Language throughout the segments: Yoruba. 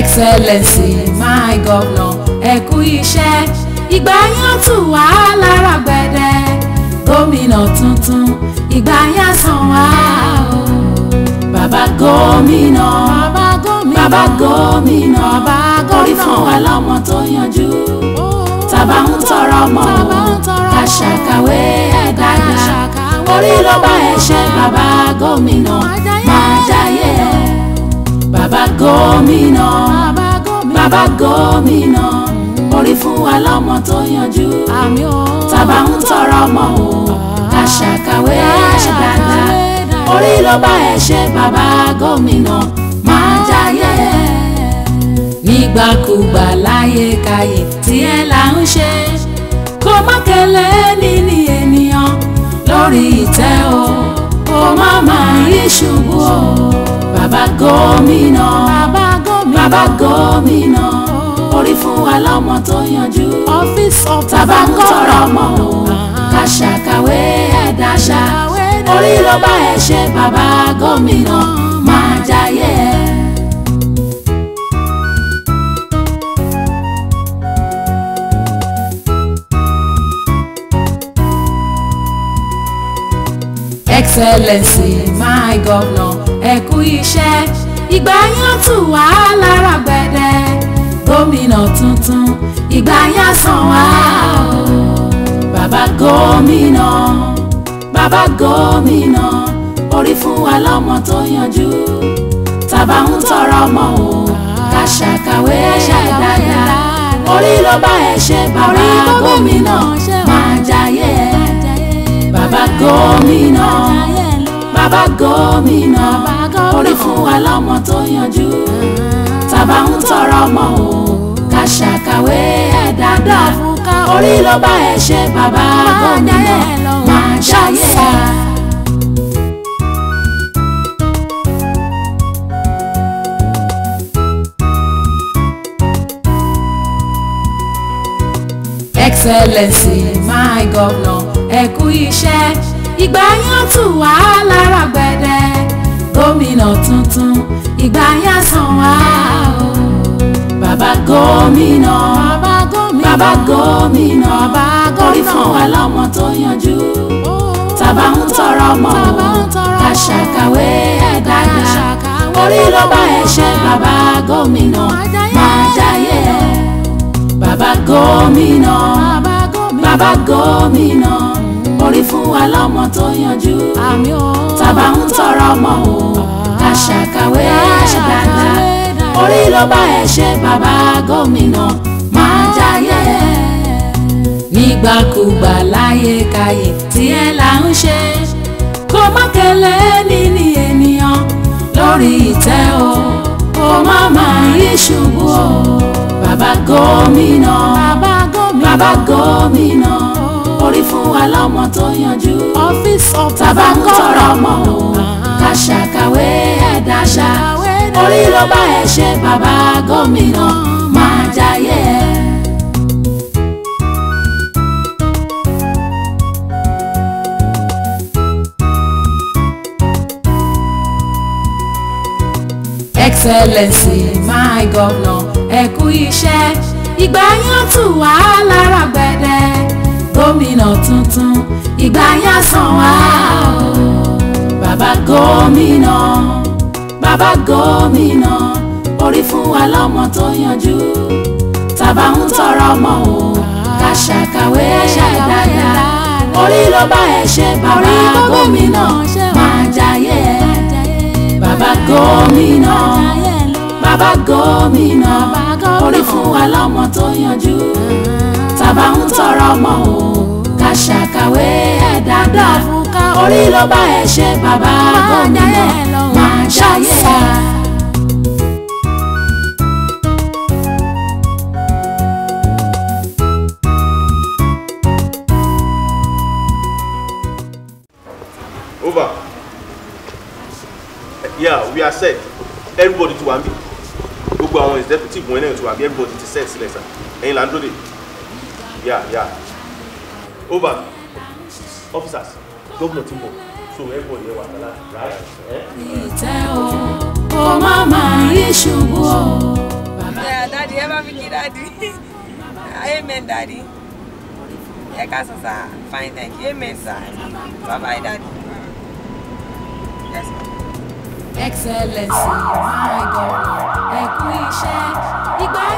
excellency my governor ẹ kú iṣẹ́ ìgbà yẹn tún wà lára gbẹ̀dẹ̀ gómìnà tuntun ìgbà yẹn sàn wá o bàbá gómìnà bàbá gómìnà orí fún wa lọ́mọ tó yanjú tàbá ń tọrọ ọmọ àṣàkàwé ẹ̀dàgbà orí ló bá ẹ̀ṣẹ̀ bàbá gómìnà máa jayé ẹ̀. Baba gómìnà Baba gómìnà orí fún wa lọ́mọ tó yanjú tàbá ń tọrọ ọmọ o ah. àṣàkàwé àṣàdàgbà orí ló bá ẹ ṣe bàbá gómìnà máa jayé nígbàkúgbà láyé káyé tí ẹ là ń ṣe kó má kẹlẹ́ níní ènìyàn lórí ìtẹ́ o kó má máa rí ṣubú o bàbá gómìnà bàbá gómìnà orí fún wa lọ́mọ tó yanjú ọ́fíìsì ń tọrọ ọmọ o ká ṣàkàwé ẹ̀dá orí ló bá ẹ ṣe bàbá gómìnà máa jayé ẹ. Excellency, my governor ẹ̀kú iṣẹ́ ìgbà yẹn tù wá lára gbẹ̀dẹ̀ gómìnà tuntun ìgbà yẹn sàn wá o bàbá gómìnà bàbá gómìnà orí fún wa lọ́mọ tó yanjú tàbá ń tọrọ ọmọ o ká ṣàkàwé dáadáa orí ló bá ẹ ṣe bàbá gómìnà máa jayé bàbá gómìnà bàbá gómìnà orí fún wa lọ́mọ tó yanjú tàbá ń tọrọ ọmọ o ká ṣàkàwé ẹ̀ orí ló bá ẹ ṣe bàbá gómìnà máa ṣàyè ẹ̀. Excellency my governor ẹ kú iṣẹ́ ìgbà yẹn á tù wá lára gbẹ̀dẹ̀ gómìnà tuntun ìgbà yẹn á sàn wá o. bàbá gómìnà bàbá gómìnà bàbá gómìnà orí fún wa lọ́mọ tó yanjú tàbá ń tọrọ ọmọ àṣàkàwé ẹ̀dága orí ló bá ẹ̀ṣẹ̀ bàbá gómìnà máa jayé bàbá gómìnà bàbá gómìnà orí fún wa lọ́mọ tó yanjú tàbá ń tọrọ ọmọ o ká ṣàkàwé dáadáa orí ló bá ẹ ṣe bàbá gómìnà máa jayé nígbàkúgbà láyé káyé tí ẹ là ń ṣe kó má kẹlẹ́ níní ènìyàn lórí ìtẹ́ o kó má máa rí ṣubú o bàbá gómìnà bàbá gómìnà bàbá gómìnà orí fún wa lọ́mọ tó yanjú. ọ́fíìsì ọ̀tá bá ń tọrọ ọmọ o ká ṣàkàwé ẹ̀dá orí ló bá ẹ ṣe bàbá gómìnà máa jayé ẹ. excellency my governor ẹ kú iṣẹ́ ìgbà yẹn tù wá lára gbẹ̀dẹ̀ gómìnà tuntun ìgbà yà sàn wá o bàbá gómìnà bàbá gómìnà orí fún wa lọ́mọ tó yanjú tàbá ń tọrọ ọmọ o ká ṣàkàwé dáadáa orí ló bá ẹ ṣe bàbá gómìnà máa jayé bàbá gómìnà bàbá gómìnà orí fún wa lọ́mọ tó yanjú bàbá ń tọrọ ọmọ o ká ṣàkàwé ẹ̀ orí ló bá ẹ ṣe bàbá gómìnà máa ṣàyè Over. Yeah, we are set. Everybody to Wambi. Gbogbo àwọn executive wọn náà ti wà bí everybody ti set sílẹ̀ sá. Ẹ̀yin là ń dóde. Yeah, yeah. Over. Officers, Governor Timbo. So everyone here was allowed, right? Oh, mama, ìṣubú o. Yeah, daddy, ever be daddy. Amen, daddy. Yeah, káàsán sir. Fine, thank you. Amen, sir. Bye bye, daddy. Yes, Excellency, my God. Ẹ kú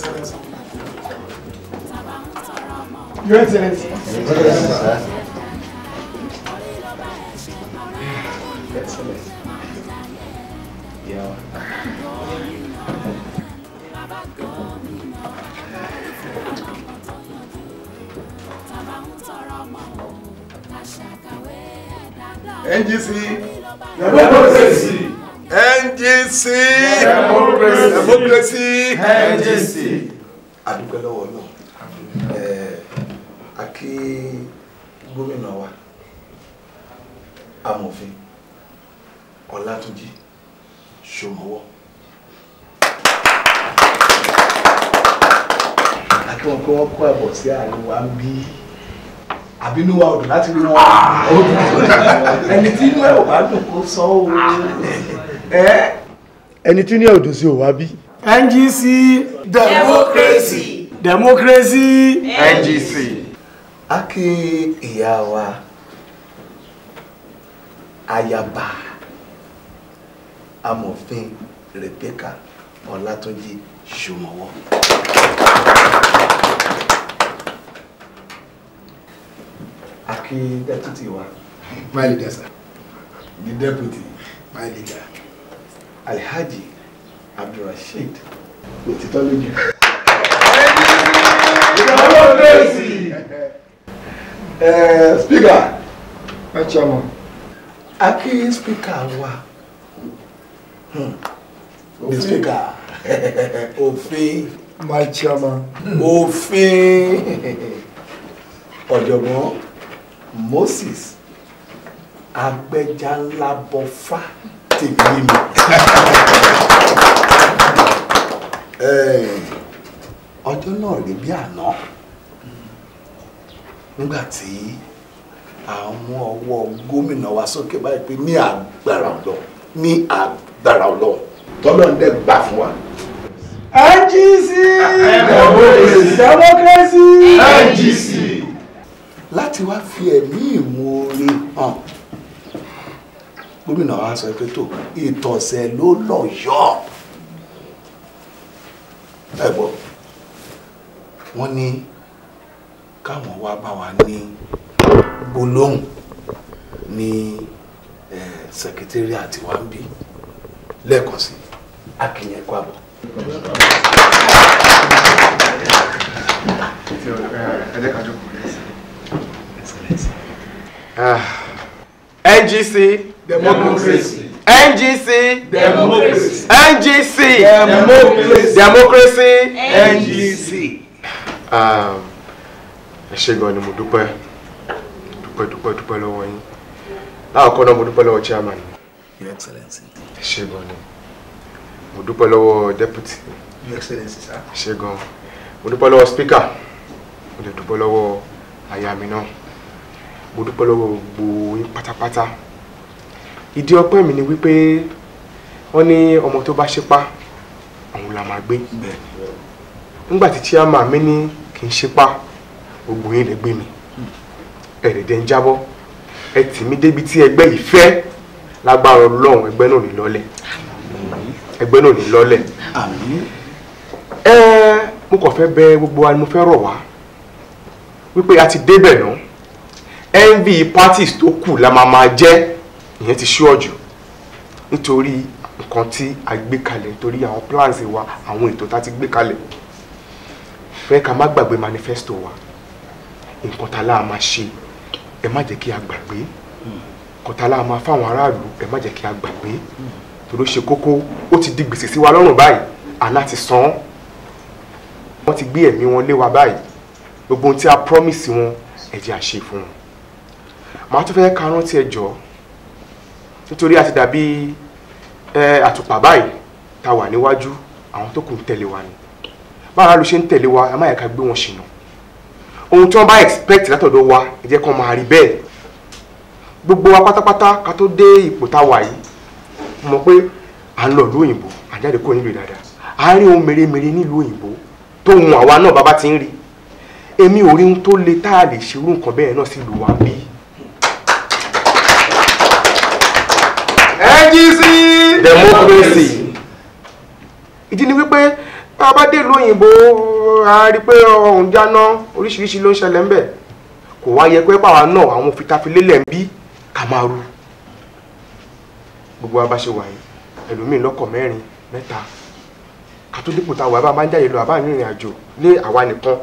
Excellency. Your Excellency. Excellent. Yeah. NGC, your Excellency democracy democracy agency adúpẹ́ lọ́wọ́ náà akí gómìnà wa amòfin ọlátúnjì ṣòmọwọ akí wọn pé wọn kó àbọ̀ sí àárín wa ń bí àbí inú wa ò láti rí wọn ah, ẹni tí inú ẹ ò bá dùn kó sọ ọ ah, ẹ ẹni tí ní ọ̀dọ̀ sí òwá bí. NGC democracy democracy NGC. a kí ìyá wa ayaba amòfin Rebecca Ọlátúnjí Ṣòmọ̀wọ́. a kí deputy wa. my leader sir. the deputy. my leader alhaji abdulrasheed òtítọ́ ló jẹ́. ìdáwọ́ bẹ́ẹ̀sì. spíkà ẹ chairman. akí spíkà wa the hmm. speaker Ofe, my chairman òfin ọ̀jọ̀gbọ́n moses agbẹjàńlá bọfá tèmi mi ọjọ́ náà rí bí àná nígbà tí a mú ọwọ́ gómìnà wa sókè báyìí pé ní agbára ọ̀dọ́ ní agbára ọ̀dọ́ tọ́lọ́ ń dẹ́ gbà fún wa. NGC democracy NGC láti wá fi ẹ̀mí ìmoore hàn gómìnà wa sọ pé tó ìtọ̀sẹ̀ ló lọ́yọ̀ọ́ ẹ gbọ́ wọ́n ní káwọn wá bá wa ní gbólóhùn ní sẹkítẹ́rì àti wá ń bì lẹ́ẹ̀kan sí akínyẹ̀ kó àbọ̀. Ah. Democracy. NGC democracy NGC democracy democracy NGC. Um, ẹ ṣe gan ni mo dúpẹ́ dúpẹ́ dúpẹ́ dúpẹ́ lọ́wọ́ yín láàkọ́ náà mo dúpẹ́ lọ́wọ́ chairman. your excellency. ẹ ṣe gan ni mo dúpẹ́ lọ́wọ́ deputy. your excellency sir. ẹ ṣe gan mo dúpẹ́ lọ́wọ́ speaker mo dẹ̀ dúpẹ́ lọ́wọ́ aya mi náà mo dúpẹ́ lọ́wọ́ gbogbo yín pátápátá ìdí ọpẹ́ mi ni wípé wọ́n ní ọmọ tó bá ṣípá òun la máa gbé nígbà tí chiama mi ní kì í ṣípá gbogbo yín lè gbé mi ẹ̀rẹ̀dẹ̀ ń jábọ́ ẹ tì mí débi tí ẹgbẹ́ yìí fẹ́ lágbára ọlọ́run ẹgbẹ́ náà ní lọ́lẹ̀ ẹgbẹ́ náà ní lọ́lẹ̀ ẹ mo kàn fẹ́ bẹ gbogbo wa ni mo fẹ́ rọ̀ wá wípé a ti débẹ̀ náà envy parties tó kù la máa máa jẹ́ ìyẹn ti ṣú ọ̀jù nítorí nǹkan tí a gbé kalẹ̀ torí àwọn plans wa àwọn ètò tá a ti gbé kalẹ̀ fẹ́ ká má gbàgbé manifesto wa nǹkan tá a láà máa ṣe ẹ má jẹ́ kí a gbàgbé nǹkan tá a láà máa fáwọn aráàlú ẹ má jẹ́ kí a gbàgbé torí ó ṣe kókó ó ti di gbèsè sí wa lọ́rùn báyìí àná ti san án wọ́n ti gbé ẹ̀mí wọn lé wa báyìí gbogbo ohun tí a promise wọn ẹ jẹ́ a ṣe fún wọn màá tún fẹ́ ká rántí ẹ jọ̀ọ́ nítorí a ti dàbí àtùpà báyìí tá wà níwájú àwọn tó kù ń tẹ̀lé wa ni báwa ló ṣe ń tẹ̀lé wa ẹ má gbé wọn ṣìnà ohun tí wọ́n bá expect látọ̀dọ̀ wa ẹ jẹ́ kó máa rí bẹ́ẹ̀ gbogbo wa pátápátá ká tó dé ipò tá wà yìí mo mọ̀ pé à ń lọ ìlú òyìnbó à ń jáde kúrò nílùú dáadáa à ń rí ohun mèremère nílùú òyìnbó tó hun àwa náà bàbá ti ń rí èmi ò rí ohun tó le tá a lè ṣerú nǹkan bẹ́ẹ̀ náà sílùú wa bí democracy ìdí ni wípé bá a bá dé ìlú òyìnbó a rí i pé ọ̀hún jáná oríṣiríṣi ló ń ṣẹlẹ̀ ńbẹ̀ kò wá yẹ pé pàwa náà àwọn òfin tafi lélẹ̀ ń bí ká máa ru gbogbo wa bá ṣe wà yìí ẹlòmíín lọ́kọ̀ mẹ́rin mẹ́ta ká tó dípò táwọn àbá máa ń jáde lọ àbá ìrìn àjò lé àwa nìkan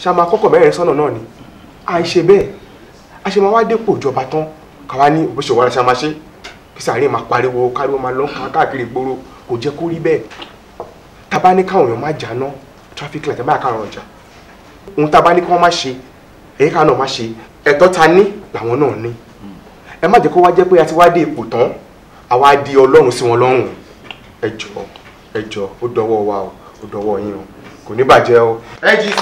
ṣá máa kọ́kọ̀ mẹ́rin sọ́nà náà ni à ń ṣe bẹ́ẹ̀ a ṣe máa wá dépò ìjọba tán káwa ní bó ṣe wà ṣá máa ṣe kí sàárè máa pariwo káríwó máa lọ́ka káàkiri gbòòrò kò jẹ́ kó rí bẹ́ẹ̀ tábà ní káwọn èèyàn má jáná traffic light báyà káwọn ọjà ohun tábà ní kí wọ́n má ṣe èyí káwọn náà má ṣe ẹ̀tọ́ ta ní làwọn náà ní ẹ má jẹ́ kó wá jẹ́ pé a ti wá dé ipò tán àwa di ọlọ́run sí wọn lọ́rùn ẹ jọ̀ọ́ ẹ jọ̀ọ́ ó dọwọ́ wa o ó dọwọ́ yín o kò ní bàjẹ́ o. AGC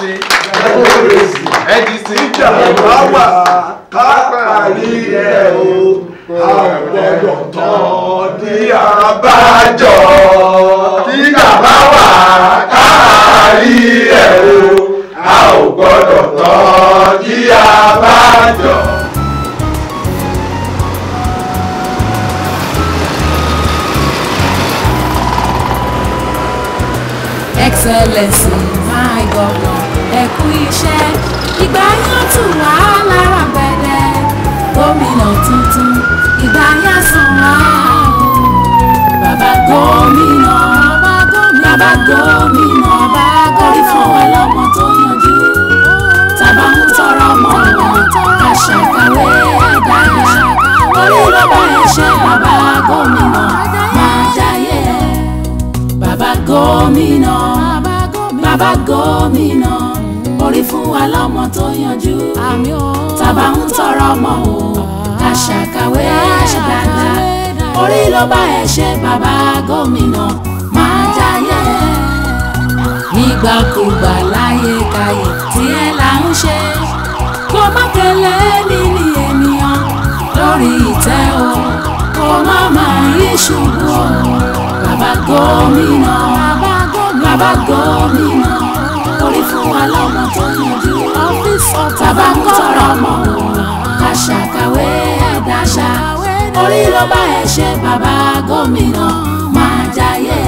AGC ìjà ìbáwà kápá ní ilẹ̀ o àgbọ̀dọ̀ tán ní àbájọ tí bàbá wà káàárí ẹ̀ o a ò gbọ́dọ̀ tán ní àbájọ. Excellency, my governor, ẹ kú iṣẹ́, ìgbà yóò tù wá gómìnà tuntun ìgbà yẹn sàn wá o bàbá gómìnà bàbá gómìnà bá gorí fún wa lọ́mọ tó yanjú tàbá ń tọrọ mọ́ àṣàkàwé ẹ̀dá orí lọ́ba ẹ̀ṣẹ̀ bàbá gómìnà máa jayé bàbá gómìnà bàbá gómìnà forí fún wa lọ́mọ tó yanjú tàbá ń tọrọ ọmọ o ká ṣàkàwé dáadáa orí ló bá ẹ ṣe bàbá gómìnà máa jayé nígbàkúgbà láyé káyé tí ẹ là ń ṣe kó má kẹlẹ́ níní ènìyàn lórí ìtẹ́ o kó má máa yí ṣubú o bàbá gómìnà bàbá gómìnà torí fún wa lọ́mọ tó yanjú ọ́fíìsì ọ̀tá bá ń tọrọ ọmọ kàṣà kàwé ẹ̀dáṣà orí ló bá ẹ̀ ṣe bàbá gómìnà máa jayé.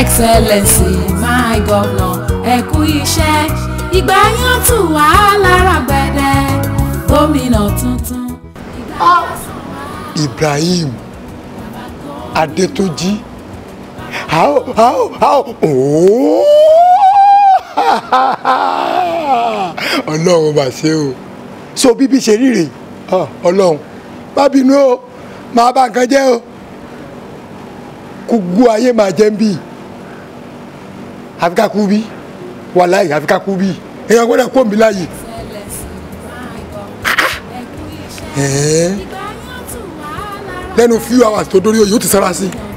Excellency my governor ẹ kú iṣẹ́ ìgbà yẹn tù wá lára gbẹ̀dẹ̀ gómìnà tuntun. Ibrahim Adétọ́jí how how how ooo Ọlọ́run mà ṣe o so bíbí ṣe rí rèé Ọlọ́run má bínú o máa bá nǹkan jẹ́ o gbogbo ayé máa jẹ́ ń bì àfikà kú bí wàláì àfikà kú bí èèyàn gbọ́dọ̀ kó mi láàyè. Eh. lẹ́nu few hours tó dórí oyè ó ti sára sí i.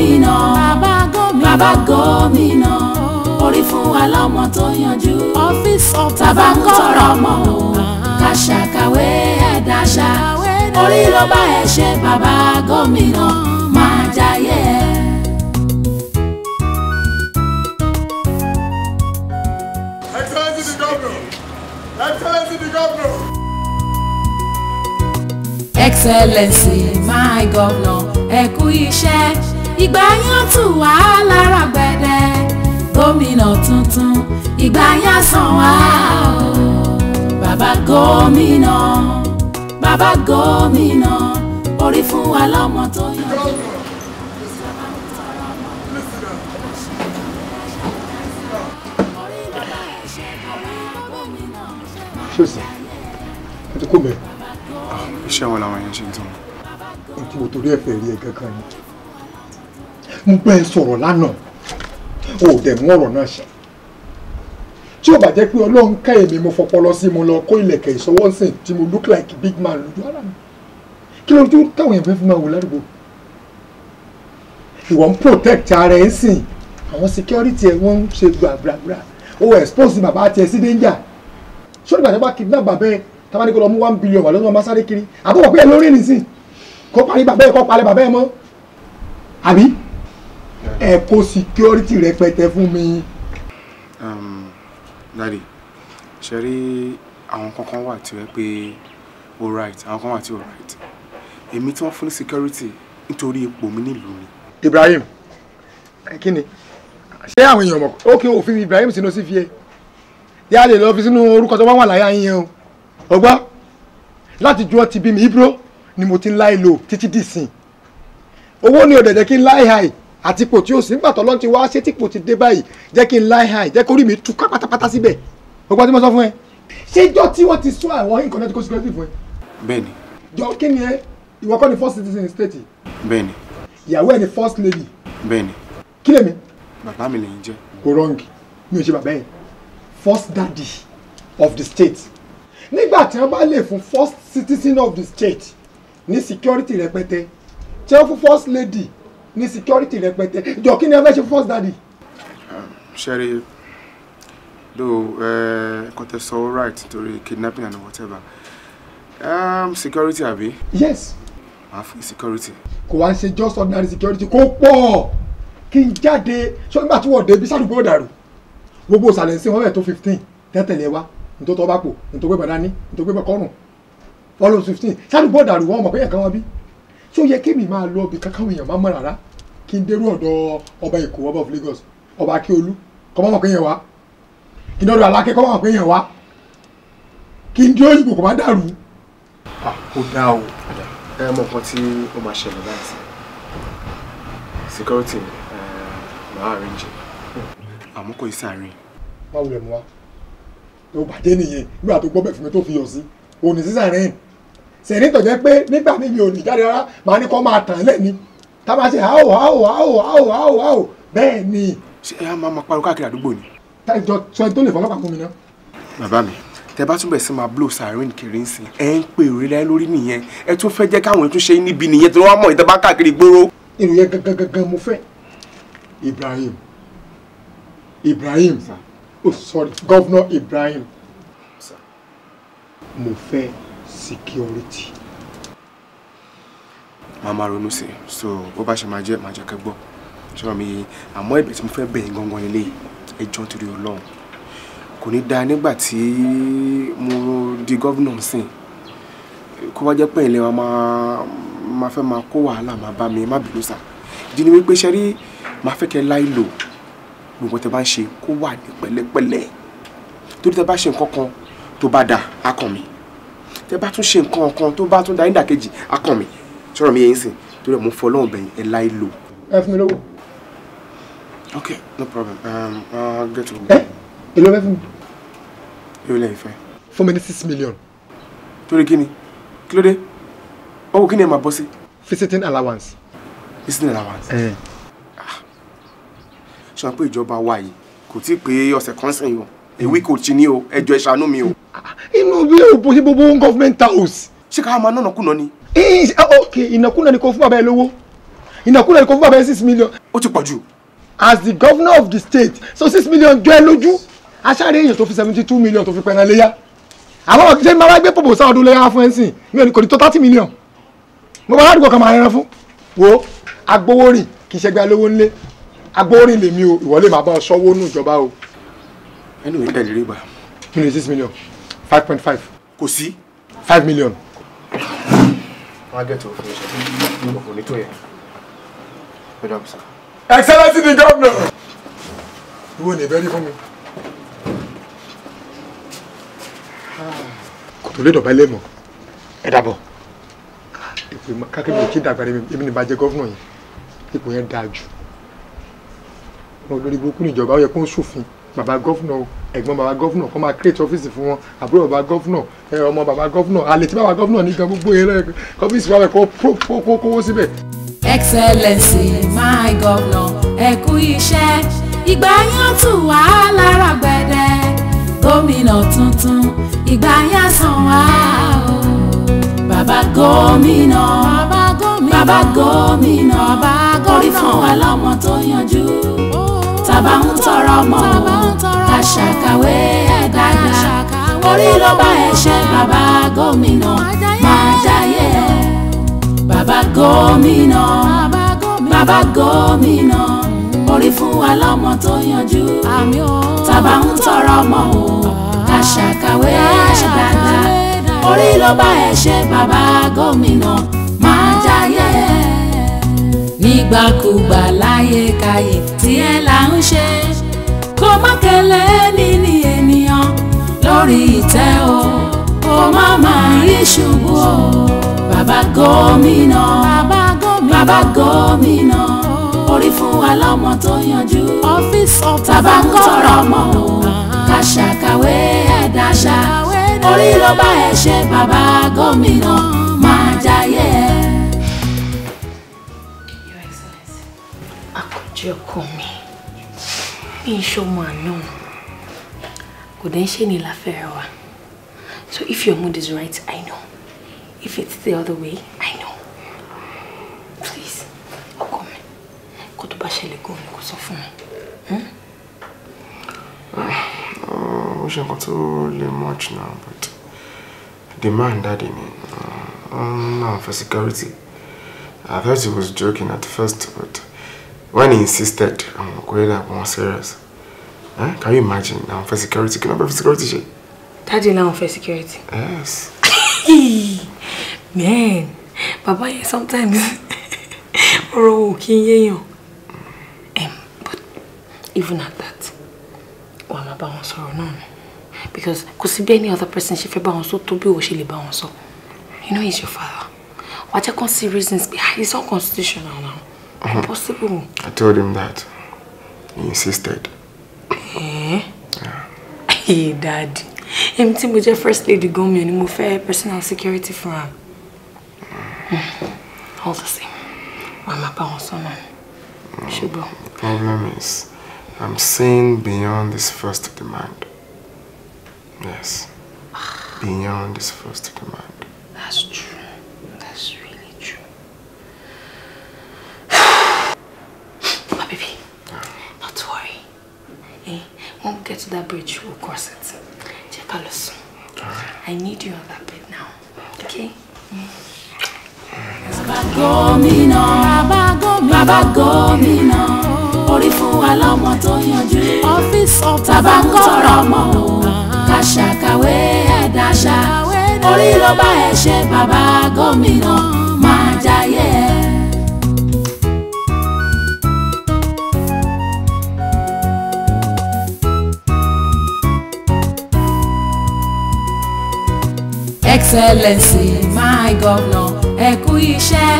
gómìnà bàbá gómìnà orí fún wa lọ́mọ tó yanjú tàbá ń tọrọ ọmọ o ká ṣàkàwé àdáṣà orí ló bá ẹ ṣe bàbá gómìnà máa jayé ẹ. Excellency the governor! Excellency the governor! Excellency my governor ẹ kú iṣẹ́ ìgbà yẹn tù wá lára gbẹ̀dẹ̀ gómìnà tuntun ìgbà yẹn sàn wá o bàbá gómìnà bàbá gómìnà orí fún wa lọ́mọ tó yàn. ṣèṣì ẹ ti kó bẹ́ẹ̀. iṣẹ́ wọn làwọn yẹn ṣe ń tán. nǹkan ò torí ẹ̀fẹ̀ rí ẹ̀ kankan ni mo bá ẹ sọ̀rọ̀ lánàá o ò dẹ̀ mú ọ̀rọ̀ náà ṣe tí ò bá jẹ́ pé ọlọ́run ká èmi mo fọpọlọ sí mo lọ kó ilẹ̀kẹ̀ ìṣọwọ́sìn tí mo look like big man lójú ara mi kí ló ń tún táwọn èèyàn fẹ́ fi máa wò ládùúgbò ìwọ ń protect ara ẹ̀ sìn àwọn security ẹ̀ wọ́n ń ṣe gbàgbàgbà o expose bàbá àti ẹ̀ sí danger sórí bàtà bá kidnap bàbá ẹ̀ táwọn ní kó lọ mú one billion wà lọ́nà ọmọ sáré kiri àbúrò pé ẹ lórí nìsín kó parí bàbá ẹ̀ kó parí bàbá ẹ̀ mọ́ àbí ẹ kó security rẹpẹtẹ fún mi. Um, dadi ṣe rí àwọn kankan wà tí ó yẹ pé ó right àwọn kan wà tí ó right èmi tí wọ́n fún ní security nítorí ipò mi nílùú mi. Ibrahim kí ni ṣé àwọn èèyàn mọ̀ ó kí òfin Ibrahim sínú sí fi ẹ yá lè lọ fi sínú orúkọ tó bá wà láyà yín o ọgbọ́n láti ju ọ ti bí mi Ibro ni mo ti ń láì lò títí dìsìn owó ni ò dẹ̀dẹ̀ kí n láì hàì àtipò tí ó sì ń gbàtọ́ lọ́n ti wá ṣé tìpò ti dé báyìí jẹ́ kí n láì hàn jẹ́ kó rí mi tú ká pátápátá síbẹ̀ ọgbà tí mo sọ fún ẹ. ṣéjọ́ tí wọ́n ti sún àwọn nǹkan ẹ̀dínkù security fún ẹ. bẹ́ẹ̀ni. jọ kí ni ẹ ìwọ kọ́ ni first citizen state. bẹ́ẹ̀ni. ìyàwó ẹ ni first lady. bẹ́ẹ̀ni. kí lèmi. bàbá mi lèyìn jẹ. kò rọǹgì mi ò ṣe bàbá yẹn first daddy of the state nígbà tí wọ́n bá lè fún first citizen of the state ní security rẹpẹtẹ tí wọ́n fún first lady ní security rẹpẹtẹ jọ kí ni a fẹ́ ṣe first daddy. ṣeré eh, do nǹkan tẹ sọ right nítorí kidnapping and whatever um, security àbí. yes. màá fún security. kò wá ń ṣe just ordinary security kó pọ̀ kí n jáde ṣọ́ nígbà tí wọ́n dé ibi sádùúgbò dàrú gbogbo ìsàlẹ̀ sí wọn bẹ̀ tó fifteen tẹ́tẹ̀lẹ̀ wa nítorí tó bá pò nítorí pé bàdá ní nítorí pé bàkọ́rùn-ún follow fifteen sádùúgbò dàrú wọn mọ̀ pé ẹ̀ka wọn bí ṣé ó yẹ kémi máa lọ ibì kankan èèyàn máa mọ̀ rárá kí n dérú ọ̀dọ̀ ọba èkó ọba of Lagos ọba akíolú kọ́ máa mọ̀ pé yẹn wá kí n dọ́dọ̀ alákẹ́ kọ́ máa mọ̀ pé yẹn wá kí n dé òyìnbó kò má dàrú. ó dá o ẹ mọ nǹkan tí ó máa ṣẹlẹ̀ láti security máa arrange àmọ́ kò í sàárín. báwo lè mú wa tó bàjẹ́ nìyẹn nígbà tó gbọ́ bẹ́ẹ̀ fún mi tó fi yọ̀ sí òun ní sísàárín sẹ̀rí tó jẹ́ pé nígbà mi mi ò ní jáde rárá màá ní kó máa tàn lẹ́ni tá a máa ṣe áwò áwò áwò áwò áwò áwò bẹ́ẹ̀ ni. ṣé ẹ máa ma pariwo káàkiri àdúgbò ni. táìjọ sọ ẹni tó lè fọlọ́pàá fún mi náà. bàbá mi tẹ bá túbẹ̀ sí máa blow sarin kiri ń sìn ẹ ń pè orí láyé lórí nìyẹn ẹ tún fẹ́ jẹ́ káwọn tún ṣe níbi nìyẹn tí wọ́n mọ̀ ìtẹ́ bá káàkiri gbòòrò. èrò yẹn gangan gangan mo security. Mama máa ronú so bó bá ṣe máa jẹ́ màá jẹ́ kẹ́ gbọ́ ṣọ́ra mi yìí àmọ́ ẹ̀bẹ̀ tí mo fẹ́ bẹ̀yìn gangan ilé ẹjọ́ torí ọlọ́run kò ní dáa nígbà tí mo di gọ́vnà sìn kó wá jẹ́ pé ilé wa máa fẹ́ máa kó wàhálà máa bá mi má bínú sá ìdí ni wípé ṣe rí máa fẹ́ kẹ́ láì lò gbogbo tẹ bá ń ṣe kó wà ní pẹ̀lẹ́pẹ̀lẹ́ torí tẹ bá ṣe nǹkan kan tó bá dáa á kàn mí tẹ bá tún ṣe nǹkan kan tó bá tún da ìdàkejì akàn mi sọ̀rọ̀ mi yẹn sìn torí ẹ̀ mo fọ́ ọlọ́run bẹ̀yìn ẹ̀ láì lò. ẹ fún mi lówó. ok no problem um, uh, get to. ẹ èlò fẹ́ fún mi. èlò lẹ́yìn fẹ́. fún mi ní six million. torí kí ni kí ló dé ọwọ́ kí ni ẹ máa bọ́ sí. visiting allowance. visiting allowance. Ah. ṣé wọn pé ìjọba wa yìí kò tí ì pé ọ̀sẹ̀ kan sẹ́yìn o èwe kò tí ní o ẹjọ ìṣàánú mi o. inú bí o bó ṣe gbogbo government house. ṣé ká máa nánà kùnà ni. Eh, eh, oh, ok ìnákùnà ni kò fún bàbá ẹ lówó ìnákùnà ni kò fún bàbá ẹ six million. ó ti pọ̀ jù. as the governor of the state so six million jọ ẹ lójú aṣáájú èèyàn tó fi seventy two million tó fi pẹ̀rẹ̀ léyà àwọn ọ̀gá ṣe máa wá gbé pòpò sáà ọdún léyà fún ẹ sìn mi ò ní kò ní tó thirty million mo bá ládùúgbò kan máa rẹran fún wo agbowó rìn kì í ṣẹgbẹ́ alówó ńlé agbowó rìn lèmi o ìwọlé màá bá ọ sọ́wọ́ nù ìjọba o ẹnu ìwé dẹ̀ lérí gbà. mi lè six million five point five. kò sí. five million. wọ́n á gẹ̀tò òfin ìṣẹ́ òfin ní tó yẹ. madam sir. excellency the governor. ìwọ ni ìbẹ́rí fún mi. kò tó lè dọ̀bálẹ̀ mọ́ ẹ dàbọ̀. ìpè kákébìrì kí dàgbàdì mi èmi ni bá jẹ gọ́fúnà yìí ipò yẹn dáa jù. olórí burúkú níjọba ó yẹ kó ń ṣòfin bàbá gọ́fúnà ẹ̀gbọ́n bàbá gọ́fúnà kọ́ máa create ọ́fíìsì fún wọn àbúrò bàbá gọ́fúnà ọmọ bàbá gọ́fúnà àlè tí gọ́fúnà ní gbogbo yẹn lẹ́yìn ọ́fíìsì wa bẹ̀ kówó síbẹ̀. excellency my governor ẹ kú iṣẹ́ ìgbà yẹn tún wà lára gbẹ̀dẹ̀ gómìnà tuntun ìgbà yẹn sàn wá o Baba gómìnà bàbá gómìnà bàbá gómìnà orí fún wa lọ́mọ tó yanjú bàbá ń tọrọ ọmọ àṣàkàwé àgbààgbà orí ló bá ẹ̀ṣẹ̀ bàbá gómìnà máa jayé ẹ̀ bàbá gómìnà bàbá gómìnà mm. orí fún wa lọ́mọ tó yanjú tàbá ń tọrọ ọmọ o àṣàkàwé àgbààgbà orí ló bá ẹ̀ṣẹ̀ bàbá gómìnà nígbàkúgbà láyé káyé tí ẹ là ń ṣe kó má kẹlẹ́ níní ènìyàn lórí ìtẹ́ o kó má máa rí ṣubú o bàbá gómìnà bàbá gómìnà orí fún wa lọ́mọ tó yanjú tàbá ń tọrọ ọmọ o ká ṣàkàwé ẹ̀ orí ló bá ẹ ṣe bàbá gómìnà máa jayé ẹ. jẹ́ ọkọ mi mi ń ṣọmọ àná kò dẹ́ ń ṣe ní láfẹ́rẹ́ wa so if your mood is right I know if it's the other way I know please ọkọ mi kó tó bá ṣẹlẹ̀ gan mi kó sọ fún mi. Hmm? Ah, ó ṣe nǹkan tó lè much now but the man dáadé ni now for security I thought he was joking at first but when he insisted I'm um, Koyeda more serious. Eh? Can you imagine? I'm for security, can I be for security? She? Daddy now for security. Yes. Man, Baba, sometimes ọ̀rọ̀ kì í yéèyàn. Um, but even at that, wàá máa bá wọn sọ̀rọ̀ Because kò sí bí any other person she fẹ́ bá wọn sọ tó bí ìwọ ṣe lè bá You know he's your father. What I can see reasons pé ah, he's unconstitutional now. Uh-huh. Impossible. I told him that. He insisted. Eh? Yeah. Hey, Dad. Him, tí mo jẹ́ first lady go me and move for fẹ́ personal security for am. Hmm. All the same. Mama pa wọn sọ́nà. Hmm. Ṣùgbọ́n. The problem is, I'm seeing beyond this first demand. Yes. Ah. beyond this first command. That's true. to that bridge, we'll cross it. Check Carlos. I need you on that bed now. Okay? Bàbá gómìnà, bàbá gómìnà, orí fún wa lọ́mọ tó yanjú. Ọ́fíìsì ọ̀tá bá excellency my governor ẹ kú iṣẹ́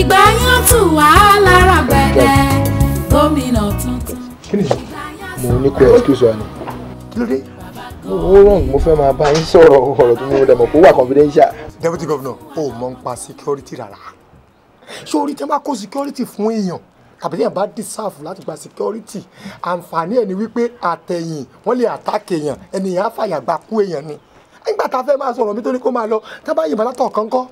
ìgbà yẹn tù wá lára gbẹ̀dẹ̀ gómìnà tuntun. mo ní kó excuse wa ni kí ló dé ó wrong mo fẹ́ máa bá yín sọ̀rọ̀ ọ̀rọ̀ tó mú rẹ̀ mọ̀ kó wà confidential. deputy governor o mọ̀ ń pa security rárá ṣé orí tí wọ́n bá kó security fún èèyàn tàbí tí wọ́n bá deserve láti gba security àǹfààní ẹ̀ ni wípé àtẹ̀yìn wọ́n lè attack èèyàn ẹnìyàn á fàyà gba kú èèyàn ni nígbà tá fẹ́ máa sọ̀rọ̀ mi tó ní kó máa lọ tá bá yìnbọn látọ̀ kánkọ́.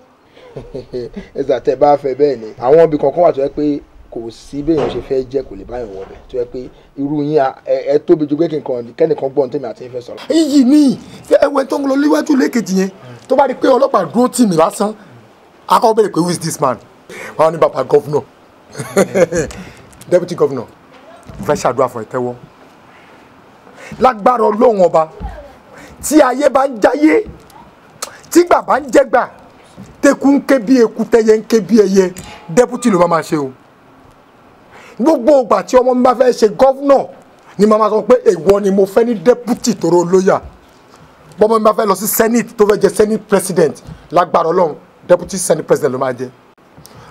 ẹ̀sà tẹ bá fẹ́ bẹ́ẹ̀ ni àwọn ibì kankan wà tó yẹ pé kò sí béèyàn ṣe fẹ́ jẹ́ kò lè báyọ̀ wọ̀bẹ̀ tó yẹ pé irú yín ẹ tóbi ju pé kìnkan kẹ́nìkan gbọ́n tèmi àti ìfẹ́ sọ̀rọ̀. iyì ni ẹwẹ tó ń lọ léwájú lẹ́ẹ̀kejì yẹn tó bá rí i pé ọlọ́pàá dúró tì mí lásán akọ́ bẹ̀rẹ̀ pé who is this man wọn ní bàbá gọ́fúnọ̀ deputy gọ́fúnọ̀ fẹ́ ṣàdúrà fún ìtẹ́wọ́ lágbára ọlọ́run ọba tí ayé bá ń jayé tí gbà bá ń jẹgbà teku ń ké bí eku tẹyẹ ń ké bí ẹyẹ dẹ́pútì ló máa ṣe o gbogbo ìgbà tí ọmọ mi bá fẹ́ ṣe gọ́fúnà ni màmá sọ pé èèwọ̀ ni mo fẹ́ ní dẹ́pútì tòró lóyà bọ́mọ mi bá fẹ́ lọ sí senate tó fẹ́ jẹ senate president lágbára ọlọ́run dẹ́pútì senate president ló máa jẹ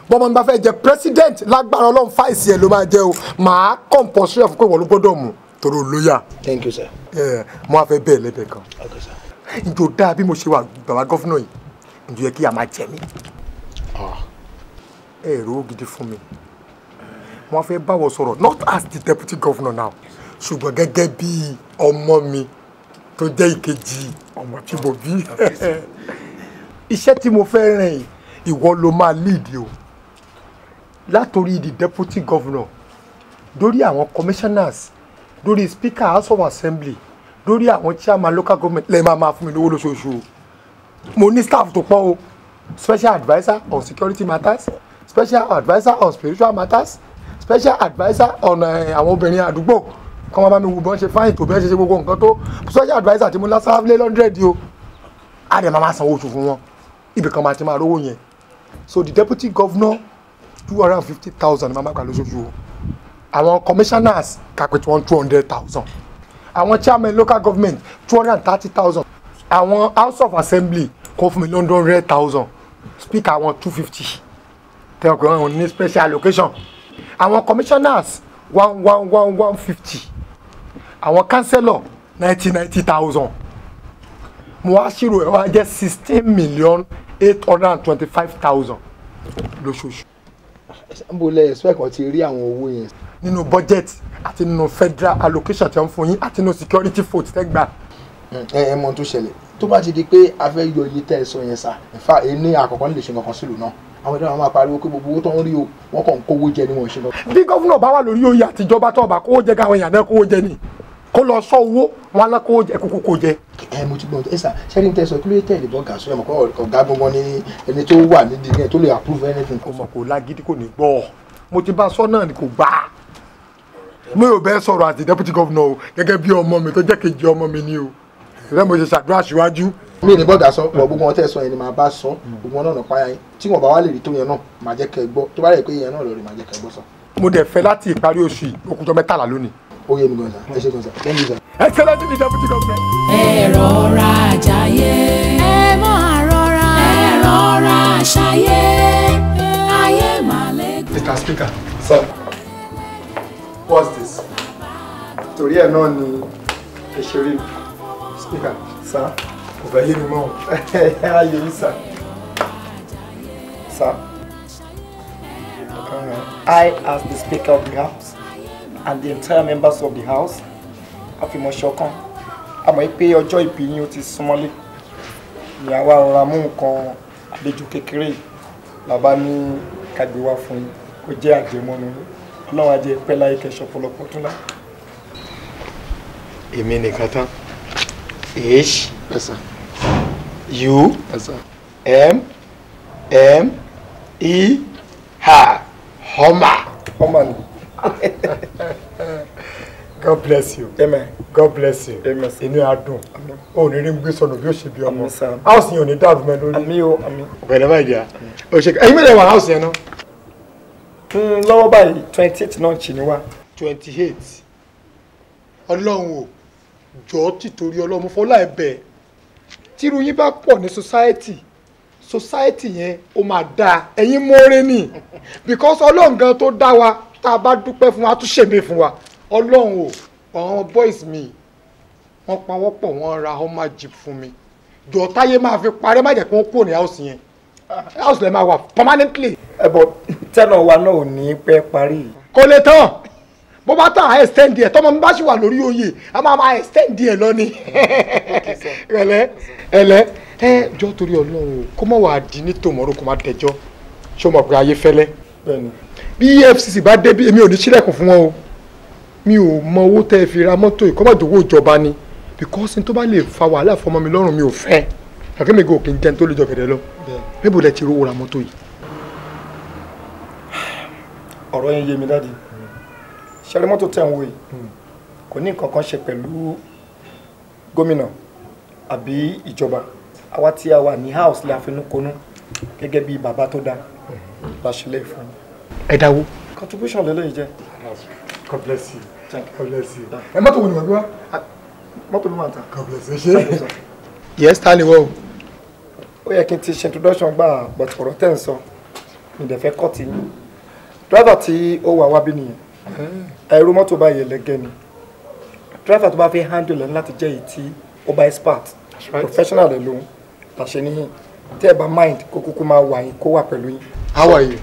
bọ́mọ mi bá fẹ́ jẹ president lágbára ọlọ́run fáìsì ẹ̀ ló máa jẹ o màá kọ̀ǹpọ̀ṣẹ́ fún pé wọ́n ló gbọ́dọ̀ mú tọrọ lóyà. thank you sir. ẹ mo á fẹ́ bẹ́ẹ̀ lẹ́bẹ̀ẹ́ kan. okay sir. ǹjọ́ dáa bí mo ṣe wà bàbá gọ́fúnà yìí ǹjọ́ yẹ kí a máa jẹ mí. Ah. ẹ èrò gidi fún mi mo á fẹ́ báwọ̀ not as the deputy governor now ṣùgbọ́n gẹ́gẹ́ bí ọmọ mi tó jẹ́ ìkejì ọmọ tí mo bí iṣẹ́ tí mo fẹ́ rìn ìwọ ló máa lead o látòrí the deputy governor dórí àwọn commissioners lórí speaker house of assembly lórí àwọn chairman local government lẹ́yìn máa máa fún mi lówó lóṣooṣù o mo ní staff tó pọ̀ o special adviser on security matters special adviser on spiritual matters special adviser on eh, àwọn obìnrin àdúgbò kọ́ máa bá mi wù bọ́n ṣe fáyìn tó bẹ́ẹ̀ ṣe ṣe gbogbo nǹkan tó special adviser tí mo lásán lé lọ́ndrẹ́dì o á dẹ̀ máa máa sanwó oṣù fún wọn ibì kan máa ti máa rówó yẹn so the deputy governor two hundred and fifty thousand ni màmá gbà lóṣooṣù o àwọn commissioners kàpẹ̀tì one two hundred thousand àwọn chairman local government two hundred and thirty thousand àwọn house of assembly kò fún mi lọ́dún one hundred thousand speaker àwọn two fifty tẹ́wọ̀n pé wọ́n ní special allocation àwọn commissioners one one one one fifty àwọn councillor ninety ninety thousand mo wá ṣírò ẹ̀ wá jẹ́ sixteen million eight hundred and twenty-five thousand lóṣooṣù. ń bo lẹ́yìn spec wọn ti rí àwọn owó yẹn nínú budget àti nínú federal allocation tí wọ́n fún yín àti nínú security vote tẹ́ gbà. ẹ ẹ mọ tó ṣẹlẹ̀ tó bá ti di pé a fẹ́ yọ iye tẹ́ ẹ sọ yẹn sà ẹ̀fà ẹni àkọ́kọ́ lè ṣe nǹkan kan sílùú náà àwọn ìdáhùn máa pariwo pé gbogbo owó tó ń rí o wọ́n kàn ń kówó jẹ ni wọ́n ṣe lọ. bí gómìnà bá wà lórí oyè àtijọba tó ọba kówó jẹ káwọn èèyàn náà kówó jẹ ni kó lọ sọ owó wọn á kó kókó kó jẹ. ẹ mo ti gbọ́ ẹ sà sẹ́ni tẹ sọ kí ló tẹ̀lé bọ́ gàṣọ ẹ̀ mọ̀ pé ọ̀gá gbọ́ngàn ni ẹni tó wà nídìí ẹ̀ tó lè approve anything. o kò lágídí kò ní gbọ́ mo ti bá sọ náà ni kò gbà á mi ò bẹ́ẹ̀ sọ̀rọ̀ àti deputy governor o gẹ́gẹ́ bí ọmọ mi tó jẹ́ kejì ọmọ mi ni o rẹ́ ṣe ṣàdúrà síwájú. mi ní bọ́ọ̀dà sọ pọ̀ gbogbo wọn sọ yẹn ni bá sọ gbogbo wọn náà yín tí wọn bá wá lè rí tó yẹn náà màá jẹ́ kẹ́ tó bá rẹ̀ pé yẹn náà lọ rí màá jẹ́ kẹ́ sọ. mo dẹ̀ fẹ́ láti ìparí oṣù okùnjọ mẹ́tàlá lónìí. speaker speaker sir what's this torí ẹ̀ náà ni ìṣeré speaker sá ọ̀bẹ yé mi mọ́ ẹ ayé mi sá sá. I, as the Speaker of the House, and the entire members of the House, àfimọ̀ ṣọ̀kan àmọ́ pé ọjọ́ ìbí yín ó ti súnmọ́lé ni àwa rọra mú nǹkan àlejò kékeré làbá ní kàgbé wá fún yín kó jẹ́ àjẹmọ́nú yín ọlọ́run ajé pẹ́ láyé kẹsàn ọ̀pọ̀lọpọ̀ tó lá. èmi nìkan tán h u m m e h homa. homa ni. God bless you. Amen. God bless you. Amen. Inú yà dùn. O ní rí ń gbé sọnù bí ó ṣe bí ọmọ. House yẹn ò ní dàrú mẹ́ lórí. Àmín o. Àmín. Ọ̀pẹ̀lẹ̀ báyìí di a. O ṣe ká ẹyin mẹ́rin wà house yẹn náà. Hmm, lọ́wọ́ báyìí twenty eight náà ṣì ní wá. twenty eight ọlọ́run ò jọ títorí ọlọ́run fọlá ẹ̀bẹ̀ tírú yín bá pọ̀ ní society society yẹn ó máa dáa ẹ̀yin mọ́ọ́rẹ́ nì because ọlọ́run gan tó dá wa tá a bá dúpẹ́ fún wa tó ṣègbè fún wa ọlọ́run ò àwọn boys mi wọ́n pa wọ́n pọ̀ wọ́n ra ọmọ jeep fún mi jọ táyé máa fi parẹ́ má jẹ́ kí wọ́n kúrò ní house yẹn house lè máa wà permanently. ẹ bọ tẹnà wa náà ò ní pẹ́ parí. kò lè tán bó bá tán à extend ẹ tọmọ mi bá sì wà lórí oyè a máa máa extend ẹ lọ ni. ẹlẹ ẹlẹ ẹ jọ torí Ọlọ́run kó mọ wàá di ní tòmọrò kó má dẹjọ́ ṣé o mọ̀ pé ayé fẹ́lẹ́. bí EFCC bá dé bí èmi ò ní sílẹ̀kùn fún wọn o mi ò mọ owó tẹ́ ẹ fi ra mọ́tò yìí kó má dòwó ìjọba ni because n tó bá lè fa wàhálà fọmọ mi lọ́rùn mi ò fẹ́ kàkẹ́ mi gò kí n jẹun tó lè jọ gẹ̀dẹ̀ lọ níbo lẹ ti rówó ra mọ́tò yìí. ọ̀rọ̀ yẹn yé mi dáàdi ṣẹ́rí mọ́tò tẹ̀ ń wò yìí hmm. kò ní nǹkan kan ṣe pẹ̀lú gómìnà àbí ìjọba àwa tí a wà ní house la fi ń konú gẹ́gẹ́ bí bàbá tó dáa hmm. la ṣe lè fún un. ẹ dáwó. contribution lélẹ́yìí jẹ́. God bless you. Thank you. God bless you. ẹ mọ́tò wo ni wọ́n gbé wá. mọ́tò ló máa ta. God bless you. ṣe. yẹ́sì ta ni wọ́n o ó yẹ kí n ti ṣe introduction gbà but ọ̀rọ̀ tẹ̀ ń sọ ní ìdẹ̀fẹ́ kọ́ ti yín driver tí ó wà wábí nìyẹn ah. ẹ̀rú mọ́tò bá yẹlẹ́gẹ́ ni driver tó bá fi handle ẹ̀ láti jẹ́ èyí tí expert professional ẹ̀ lòun tàṣẹ níyìn tẹ́ ẹ̀ bá mind kó kúkú máa wà yín kó wà pẹ̀lú yín. how are you?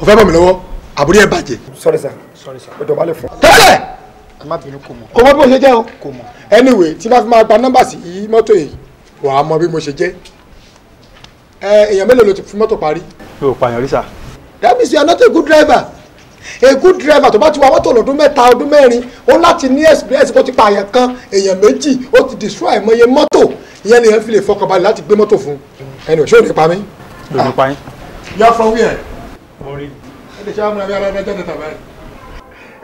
o fẹ́ bọ̀ mí lọ́wọ́ àbúrò ẹ̀ bàjẹ́. sorry sir sorry sir o jọba lè fún. tẹ́lẹ̀. ẹ má bínú kò mọ̀. kò mọ̀ bí mo ṣe o. kò mọ̀. anyway tí bá fi máa gba nọ́mbà sí mọ́tò yìí wà á mọ bí mo ṣe jẹ́ ẹ èèyàn mélòó ló ti fi mọ́tò parí. mi ò pààyàn rí sà. that means you are not a good driver a good driver tó bá ti wa mọ́tò lọ́dún mẹ́ta ọdún mẹ́rin ó láti ní experience kó ti pààyàn kan èèyàn méjì ó ti destroy mọye mọ́tò ìyẹn lèèyàn fi lè fọkànbalẹ̀ láti gbé mọ́tò fún ẹni ò ṣé ò ní pa mí. ò ní pa yín. yá fún wíyẹn. mo rí. ẹ lè ṣe àwọn ọmọ ẹgbẹ́ ẹgbẹ́ tẹ̀tà báyìí.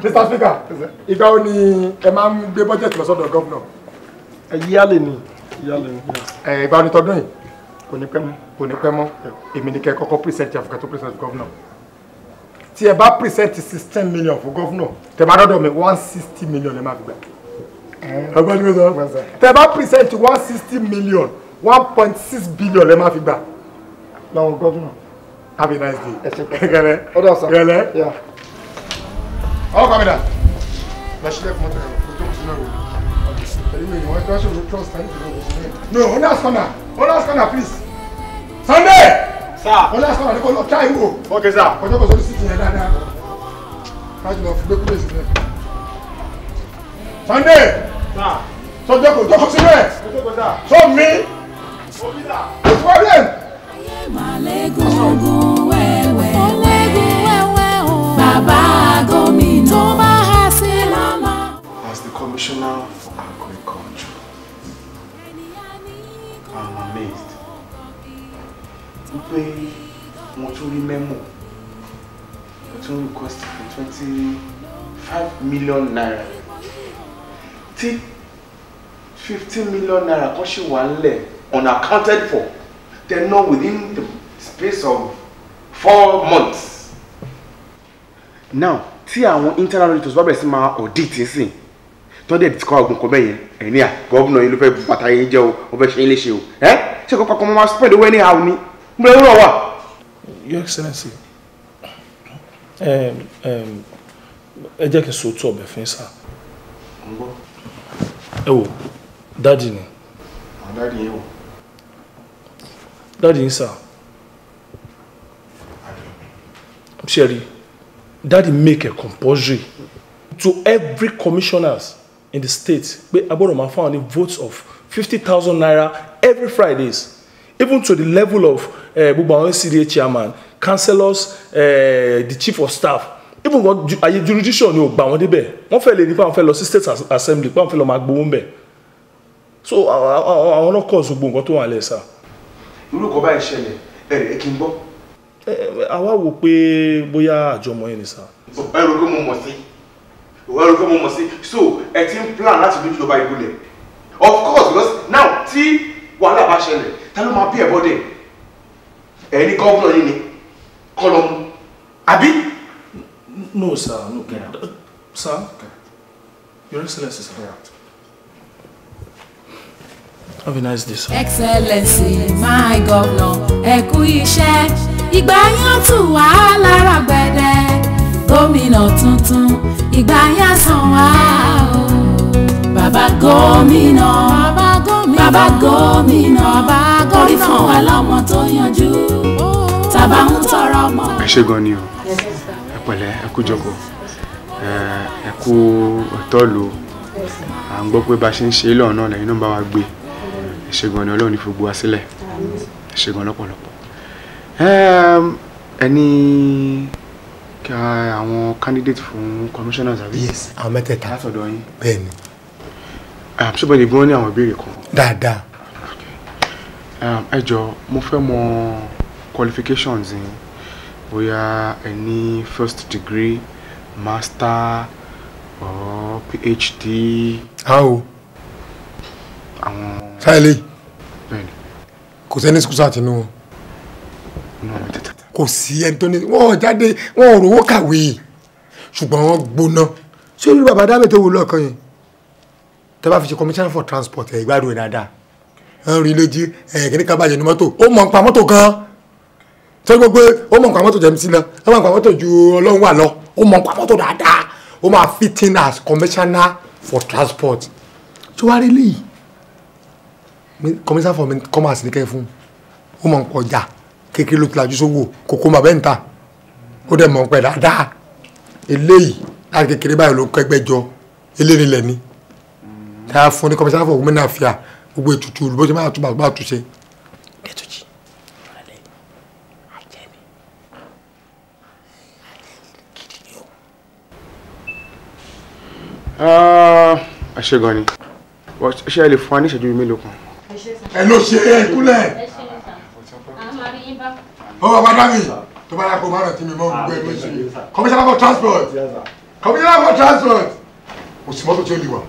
Mr. Speaker ìgbà wo ni ẹ máa ń gbé budget lọ sọ́dọ̀ gọ́vnọ̀. ẹ yíyá lè ní ẹ ìgbà onítọ́dún yìí kò ní pẹ́ mọ́ kò ní pẹ́ mọ́ èmi ni kẹ́ kọ́kọ́ present àfikà tó present governor tí ẹ bá present sixteen million fún governor tẹ́ bá dọ́dọ̀ mi one sixty million ẹ máa fi gbà. ọgbọ́n ní bá present one sixty million one point six billion ẹ máa fi gbà. lọ́wọ́ governor. have a nice day. ẹ ṣe pẹ́ gẹ́lẹ́ gẹ́lẹ́. ọkọ mi dà lọ sílẹ̀ fún mọ́tò ẹ̀rọ ojú kùsùn náà wò ìwé ìwọ̀n ẹjọ́ ṣòro trust tàbí ìdílé òṣèlú no onas corner onas please Sunday sir onas corner ni kò try wo ok sir ọjọ́ kò sórí síkì yẹn dáadáa láti lọ fi gbé kúrò Sunday sir sọjọ́ kò jókòó sílẹ̀ sọ mi no problem. Màlẹ́gùn wẹ̀wẹ̀ wẹ̀wẹ̀ o. As the commissioner I'm amazed wípé mo tún rí mẹ́mọ̀ mo tún request for twenty five million naira tí fifteen million naira kan ṣì wà ńlẹ̀ unaccounted for then not within the space of four months. now tí àwọn internal auditors bá bẹ̀rẹ̀ sí máa audit sí i tó ti kọ́ ọ̀gùn kọ́ bẹ́yẹn ẹ̀ní à gọ́ọ̀nà yìí ló fẹ́ bàtà yín jẹ́ o ó fẹ́ ṣe é léṣe o ẹ́ ṣé kọ́kọ́ kọ́ máa spend owó anyhow ni mo lè wúrọ̀ wà. your excellency um, um, ẹ jẹ́ kí n sòótọ́ ọbẹ̀ fún sá. ẹ wo dáàdì ni. dáàdì yẹn wò. dáàdì yín sá. ṣe rí dáàdì make a compulsory to every commissioners in the state pé a gbọ́dọ̀ máa fáwọn ní of fifty thousand naira every Fridays even to the level of eh, gbogbo àwọn CDA chairman councillors uh, the chief of staff even wọn àyè jurisdiction ni ò gbà wọn débẹ̀ wọ́n fẹ́ lè ní pé àwọn fẹ́ lọ sí state assembly pé àwọn fẹ́ lọ máa gbowó ń bẹ̀ so àwọn náà kọ̀ ṣùgbọ́n to tó wà lẹ́sà. irú kọ́ báyìí ṣẹlẹ̀ ẹ̀rẹ̀ kí n gbọ́. Eh, àwa wò pé bóyá àjọmọ̀ yẹn ni sà. ẹ rò pé mo mọ̀ sí i òwe olùkọ́ mo mọ̀ sí so ẹ ti ń plan láti lójú ìjọba ìbúlẹ̀ of course because now tí wàhálà bá ṣẹlẹ̀ ta ló máa bí ẹ̀ bọ́dẹ̀ ẹ̀ ní gọ́vnọ̀ yìí ni kọlọ́mù àbí. no sir no get out sir your excellence is correct. Have a nice day, sir. Excellency, my governor, ẹ kú iṣẹ́, ìgbà yẹn tún wà lára gbẹ̀dẹ̀ gómìnà tuntun ìgbà yà sàn wá o. bàbá gómìnà bàbá gómìnà bàbá gómìnà orí fún wa lọ́mọ tó yanjú tàbá ń tọrọ ọmọ. ẹ ṣé gan ni o ẹ pẹ̀lẹ́ ẹ kú jókòó ẹ kú ọtọọlù à ń gbọ́ pé bá a ṣe ń ṣe lọ́rùn náà lẹ́yìn náà bá wa gbé ẹ ṣé gan ni Ọlọ́run ní fi gbó wa sílẹ̀ ẹ ṣé gan lọ́pọ̀lọpọ̀ ẹni. Um, kí àwọn candidate fún commissioners àbí. yes àwọn mẹ́tẹ̀ẹ̀ta látọ̀dọ̀ yín. bẹ́ẹ̀ni. àbúṣọ́bọ̀dé ah, bí wọ́n ní àwọn ìbéèrè kan. dáadáa. Ah, ẹ jọ̀ọ́ mo fẹ́ mọ qualifications yín bóyá ẹ ní first degree master or phd. àwọn. àwọn. sáyẹ̀lì. bẹ́ẹ̀ni. kò sẹ́ni sùkúsà tinú. inú mi tètè kò sí ẹni tó ní wọn ò jáde wọn ò rówó kàwé ṣùgbọ́n wọn gbóná ṣé olú bàbá dábẹ́ tó wù lọ́ọ̀kan yẹn tẹ́ bá fi ṣe commissioner for transport ẹ̀ ìgbádùn ẹ̀ dáadáa ẹ̀ ń rí lójú ẹ̀ kíní kan bàjẹ́ ní mọ́tò ó mọ̀ nípa mọ́tò gan-an tó gbogbo ó mọ̀ nípa mọ́tò jẹ́mi sí náà ó mọ̀ nípa mọ́tò ju ọlọ́run wà lọ ó mọ̀ nípa mọ́tò dáadáa ó máa fit in as commissioner for transport tó wá rí léyìí commissioner for commerce ní kẹ́ fún ó mọ̀ nípa ọjà kékeré ló ti lajú sówó kókó màá bẹ́ẹ̀ ń ta ó dẹ̀ mọ̀ ọ́n pẹ́ dáadáa eléyìí láti kékeré báyìí ló kẹ́gbẹ́ jọ eléyìí lẹ̀ ni táyà fún ní kọmíṣánná fún gómìnà àfíà gbogbo ètùtù olùbó ṣe máa tún bàbá àtúnṣe. dẹ́tùjì ọ̀rẹ́lẹ̀ àjẹmí gidi ni o. Ah, ẹ ṣe gan ni ṣé ẹ lè fún wa ní ìṣẹ́jú mélòó kan. ẹ ló ṣe é kúlẹ̀ ó bàbá dami tó bá yà kó márùn tí mi mọ gbogbo ẹgbẹ sí i commissioner for transport commissioner for transport kò sí mọ́tò tí ó lè wà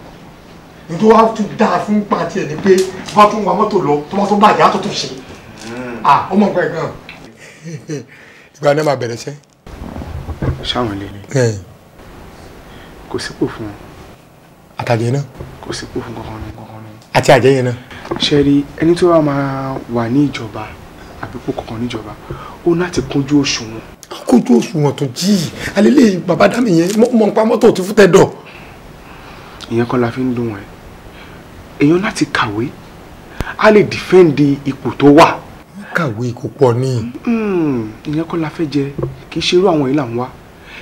nítorí wàá tún dáa fún pàtí ẹ̀ ni pé tó bá tún wa mọ́tò lọ tó bá tún bàjẹ́ àtúntò hmm. ah ó mọ̀ nǹkan ẹ̀ gan. ìgbà náà máa bẹ̀rẹ̀ sẹ́. sáwọn lè ní kò sípò fún wọn. àtàjẹ náà. kò sípò fún kankan ní kankan ní. àti àjẹyẹ náà. ṣe rí ẹni tó bá àbíkú kankan níjọba ó láti kúnjú òṣùwọ̀n. kúnjú òṣùwọ̀n tó jí alẹ́lẹ́ bàbá dá mi yẹn mọ̀ nípa mọ́tò tí fún tẹ́dọ̀. ìyẹn kọ́ la fi ń dùn ẹ̀ èèyàn láti kàwé a lè dìfẹ́ǹdì ipò tó wà. kàwé kò pọ̀ ni. Hmm, ìyẹn kọ́ la fẹ́ jẹ kì í ṣe irú àwọn yìí là ń wá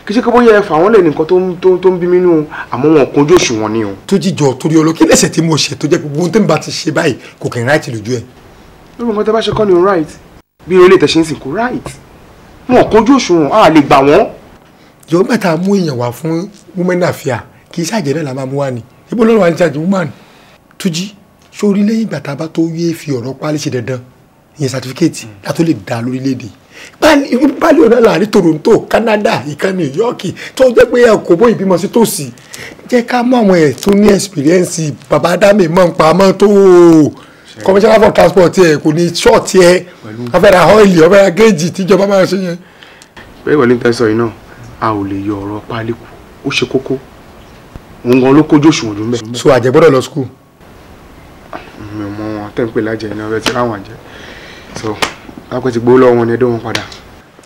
kì í ṣe kí bóyá ẹfà wọn lè nìkan tó ń bí mi nù àmọ́ wọn kò ojú òṣùwọ̀n ni o. tó jíjọ torí ọlọ kí lẹsẹ tí mo ṣe tó jẹ pé gbogbo ohun tó ń bá ti ṣe báyìí kò kẹrin láti lójú ẹ. lórí nǹkan tó bá ṣe kọ́ ni right bí ilé tẹ̀ ṣe ń sìnkú right wọn kojú òṣùwọ̀n a lè gbà wọ́n. jọ̀wọ́ gbà tá a mú èèyàn wá fún women affair kì í ṣàjẹ́ náà la máa mú wá ni ibo lọ́rọ̀ àti ṣàjẹ́ woman tují sórí lẹ́yìn ìgbà tá a bá tó yé fi ọ̀rọ̀ pálí ṣe dandan ìyẹn certificate látó lè dá lórílẹ̀‐èdè pálí ọ̀nà láàrin Toronto Canada ìkan New York tó jẹ́ pé ẹ kò bóyìí bímọ sí tòsí jẹ́ ká mọ àwọn ẹ̀ tó ní experience bàbá dámì mọ̀ ń pa mọ́ tó o commissioner for transport ẹ kò ní ṣọ́ọ̀tì ẹ afẹ́ra ọ́ìlì ọ̀fẹ́ra géèjì tíjọba máa ṣe yẹn. bẹ́ẹ̀ wọlé ń tẹ́sán yìí náà a ò lè yọ ọ̀rọ̀ pálíkù ó ṣe kókó òun gan ló kójú òṣùwọ̀n jù ń bẹ̀. so àjẹ gbọ́dọ̀ lọ skul. mi ò mọ wọn tẹ́ ń pè lájẹ iná ọbẹ̀ tí ráwọn àjẹ so lápẹ́ ti gbó lọ́wọ́ wọn ni ẹdọ́ wọn padà.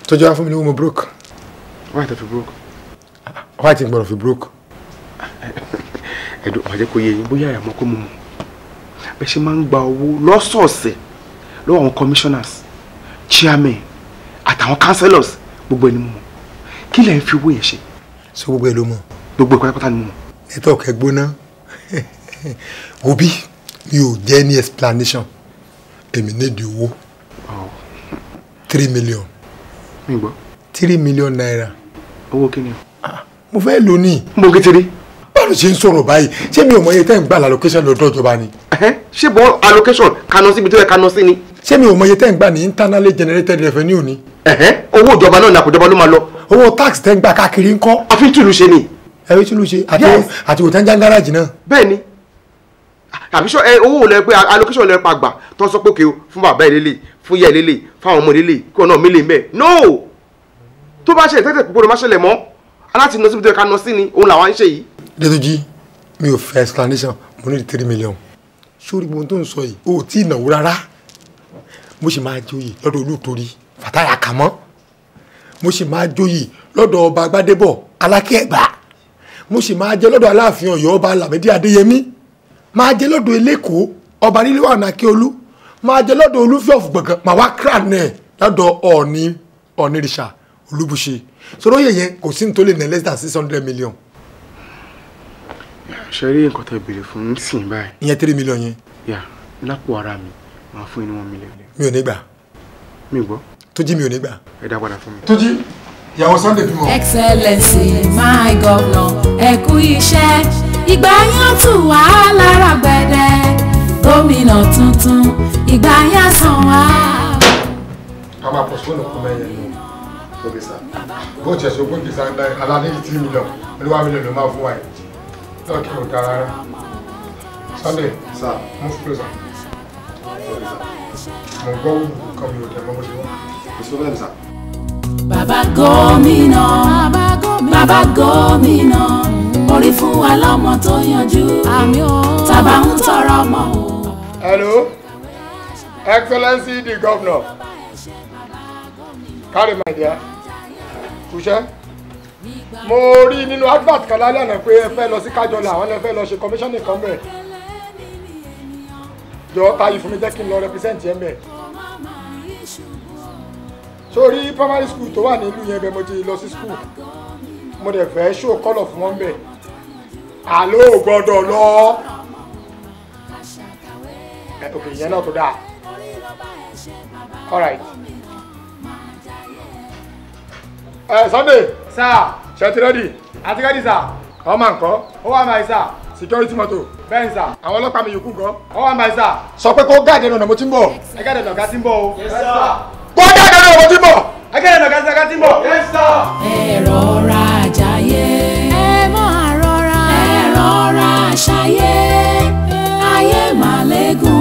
tọ́jú wá fún mi ní wọn mo broke. wọ́n àti fi broke. wọ́n àti broke. ẹ̀dùn àjẹkọ̀ yẹ yín bóyá àyàmọ́ kó mu bẹ́ẹ̀ ṣe máa ń gba owó lọ́sọ̀ọ̀sẹ̀ lọ́wọ́ àwọn commissioners chairmen àtàwọn councillors gbogbo ẹni mọ̀ kí lẹ̀ ń fi owó yẹn ṣe. so gbogbo ẹ ló mọ. gbogbo ẹ pátápátá ni mo mọ. network ẹ gbóná òbí mi ò jẹ́ ní explanation èmi nídìí owó three million. mi gbọ́. three million naira. owó kí ni o. Ah, mo fẹ́ lónìí. mo kékeré. báwo ṣe ń sọ̀rọ̀ báyìí ṣé mi ò mọ iye tẹ́ ń gbà lálọ́kẹ́sẹ̀ lọ́dọ̀ ìjọba ni. Eh? ṣé bọ́ allocation kaná síbi tó yẹ kaná sí ni. ṣé mi ò mọye tẹ́ ń gbà ní internally generated revenue ni. owó ìjọba náà ni àpòjọba ló máa lọ. owó tax tẹ́ ń gbà káàkiri ń kọ́. àfi tùlù ṣe ni. ẹ̀rí tùlù ṣe àti òtẹ́ńjà gáràjì náà. bẹ́ẹ̀ni àbí sọ ẹ owó lẹ pé allocation lẹ pa gbà tó sọ pé kí o fún bàbá ẹ lélẹ̀ fún yẹ lélẹ̀ fún àwọn ọmọ lélẹ̀ kí ọ náà mi lè mẹ no tó bá ṣe ìtẹ́tẹ̀ púpọ̀ ló má ṣẹlẹ̀ mọ́ aláti nọ síbi tó yẹ ká nọ sí ni òun làwọn ń ṣe yìí. Détúnjí mi ò fẹ́ explanation mo ní three million sórí gbogbo tó ń sọ yìí o ò tí ì nàwó rárá mo sì máa joyè lọ́dọ̀ olùtorí fàtáyà kàmọ́ mo sì máa joyè lọ́dọ̀ ọba agbádébọ̀ alákẹ́ẹ̀gbá mo sì máa jẹ lọ́dọ̀ aláàfin ọ̀yọ́ ọba alamidi adéyẹmí máa jẹ lọ́dọ̀ eléko ọba nílẹ̀wà nàkíolú máa jẹ lọ́dọ̀ olúfẹ́ ọ̀fùgbọ̀ngàn màá wá kíra nẹ̀ lọ́dọ̀ ọ̀ọ́ni ọ̀nìrìṣà olúbùṣe sọ́dọ̀ yẹ̀yẹ́ kò sí ní tó lè nẹ́ less than six hundred million ṣe rí nǹkan tẹ́ béèrè fún ń sìn báyìí. ìyẹn three million yẹn. yà lápò ara mi màá fún inú wọn mi lẹ́lẹ́. mi ò ní gbà. mi gbọ́. Túnjí mi ò ní gbà. ẹ dá padà fún mi. Túnjí ìyàwó Sunday bímọ. Excellency my governor ẹ kú iṣẹ́ ìgbà yẹn tù wá lára gbẹ̀dẹ̀ gómìnà tuntun ìgbà yẹn sàn wá. a máa pọ̀ sóòlù kún mẹ́yẹ ní ògbésà bó tiẹ̀ sọ gbógbèsà ń dá aládé tí mílíọ̀nù olúwa mílíọ̀nù ló máa fún wa yìí tọ́kì ò dára rẹ̀ Sunday move closer mo gbọ́ wùdù kan mi ò tẹ̀ mọ́ bó ṣe wá. bàbá gómìnà bàbá gómìnà orí fún wa lọ́mọ tó yanjú tàbá ń tọrọ ọmọ hello excellency the governor carry my dear kúṣẹ́ mo rí nínú advert kan lálẹ́ àná pé ẹ fẹ́ lọ sí kájọlá àwọn ẹ fẹ́ lọ ṣe commission nìkan bẹ̀ jọ ta yìí fún mi jẹ́ kí n lọ represent yẹn bẹ̀ sórí primary school tó wà nílùú yẹn bẹ̀ mo ti lọ sí school mo dẹ̀ fẹ́ show kọ́lọ̀ fún wọn bẹ̀ àlọ́ ò gbọ́dọ̀ lọ òkè yẹn náà tó dáa alright ẹ Sunday sá. ṣètìlódì àti rẹ́dì sá. ọmọ nǹkan. ó wà máa sá. security moto. bẹ́ẹ̀ ni àwọn ọlọ́pàá mi yòókù gan. ó wà máa sá. sọ pé kó gáàdì ẹnu ọ̀nà mo ti ń bọ̀. ẹ gáàdì ẹnu ọ̀gá ti ń bọ̀ o. kó gáàdì ẹnu ọ̀nà mo ti ń bọ̀. ẹ gáàdì ẹnu ọ̀gá ti ń bọ̀. yes sir. ẹ rọra ẹ máa rọra. ẹ rọra ṣayé. ayé màlẹ́gùn.